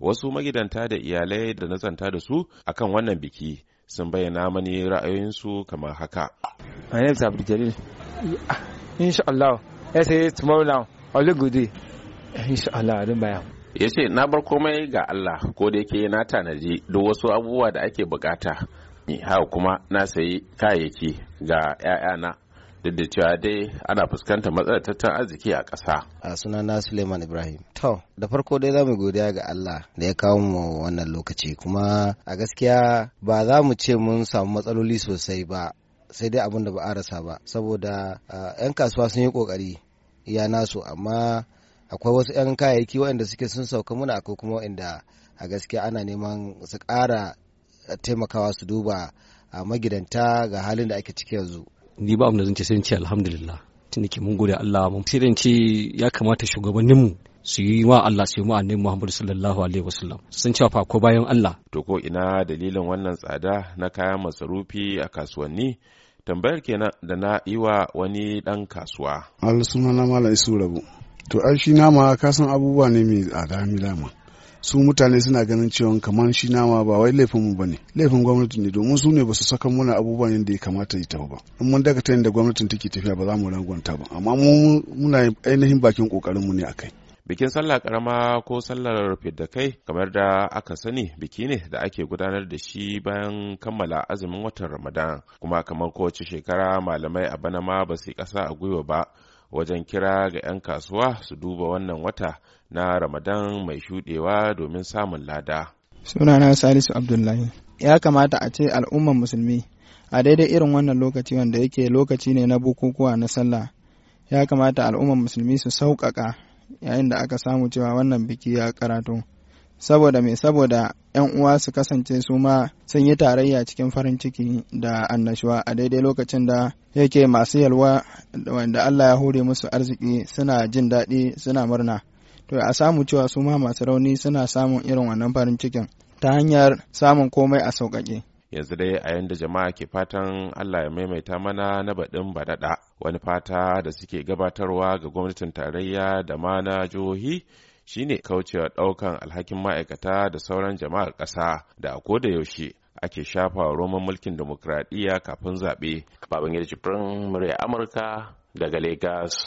wasu magidanta da iyalai da na zanta da su akan wannan biki sun bayyana mani ra'ayoyinsu kamar haka. My name is Abdul Jalil. Insha Allah, I say tomorrow now, all good Insha Allah, don bayan. Ya ce, na bar komai ga Allah, ko da yake na tanaji duk wasu abubuwa da ake bukata. Haka kuma na sayi kayayyaki ga 'ya'yana duk da cewa dai ana fuskantar matsalar tattalin arziki a ƙasa. a na suleiman ibrahim to da farko dai za mu godiya ga allah da ya kawo mu wannan lokaci kuma a gaskiya ba za mu ce mun samu matsaloli sosai ba sai dai abin da ba a rasa ba saboda 'yan kasuwa sun yi kokari ya nasu amma akwai wasu 'yan kayayyaki waɗanda suke sun sauka muna akwai kuma waɗanda a gaskiya ana neman su ƙara taimakawa su duba a magidanta ga halin da ake ciki yanzu ni ba abin da zan ce sai ce alhamdulillah ke mun gode Allah mun sai ce ya kamata shugabanninmu su yi wa Allah su yi wa annabi Muhammad sallallahu alaihi wasallam sun cewa fa ko bayan Allah to ko ina dalilin wannan tsada na kaya masarufi a kasuwanni tambayar kenan da na yi wa wani dan kasuwa al sunana mala isu rabu to ai shi nama ka san abubuwa ne mai tsada mi dama su mutane suna ganin cewa kamar shi nama ba wai laifin mu bane laifin gwamnati ne domin su ne ba su saka muna abubuwan yadda ya kamata yi tafi ba in mun daga ta yadda gwamnatin take tafiya ba za mu rangwanta ba amma mu muna ainihin bakin kokarin mu ne kai. bikin sallah karama ko sallar da kai kamar da aka sani biki ne da ake gudanar da shi bayan kammala azumin watan ramadan kuma kamar kowace shekara malamai a bana ma ba su kasa a gwiwa ba wajen kira ga 'yan kasuwa su duba wannan wata na Ramadan mai shuɗewa domin samun lada. Sunana Salisu Abdullahi. Ya kamata a ce al'umman musulmi a daidai irin wannan lokaci wanda yake lokaci ne na bukukuwa na sallah ya kamata al'umman musulmi su sauƙaƙa yayin da aka samu cewa wannan biki ya karatu. saboda mai saboda 'yan uwa su kasance su ma sun yi tarayya cikin farin ciki da annashuwa a daidai lokacin da yake masu yalwa wanda Allah ya hore musu arziki suna jin daɗi suna murna to a samu cewa su ma masu rauni suna samun irin wannan farin cikin ta hanyar samun komai a sauƙaƙe yanzu dai a yanda jama'a ke fatan Allah ya maimaita mana na baɗin baɗaɗa wani fata da suke gabatarwa ga gwamnatin tarayya da ma na jihohi shine kaucewa ɗaukan alhakin ma'aikata da sauran jama'ar ƙasa da a koda yaushe ake shafa roman mulkin demokradiyya kafin zaɓe. Babangida Jibrin murya Amurka daga Legas.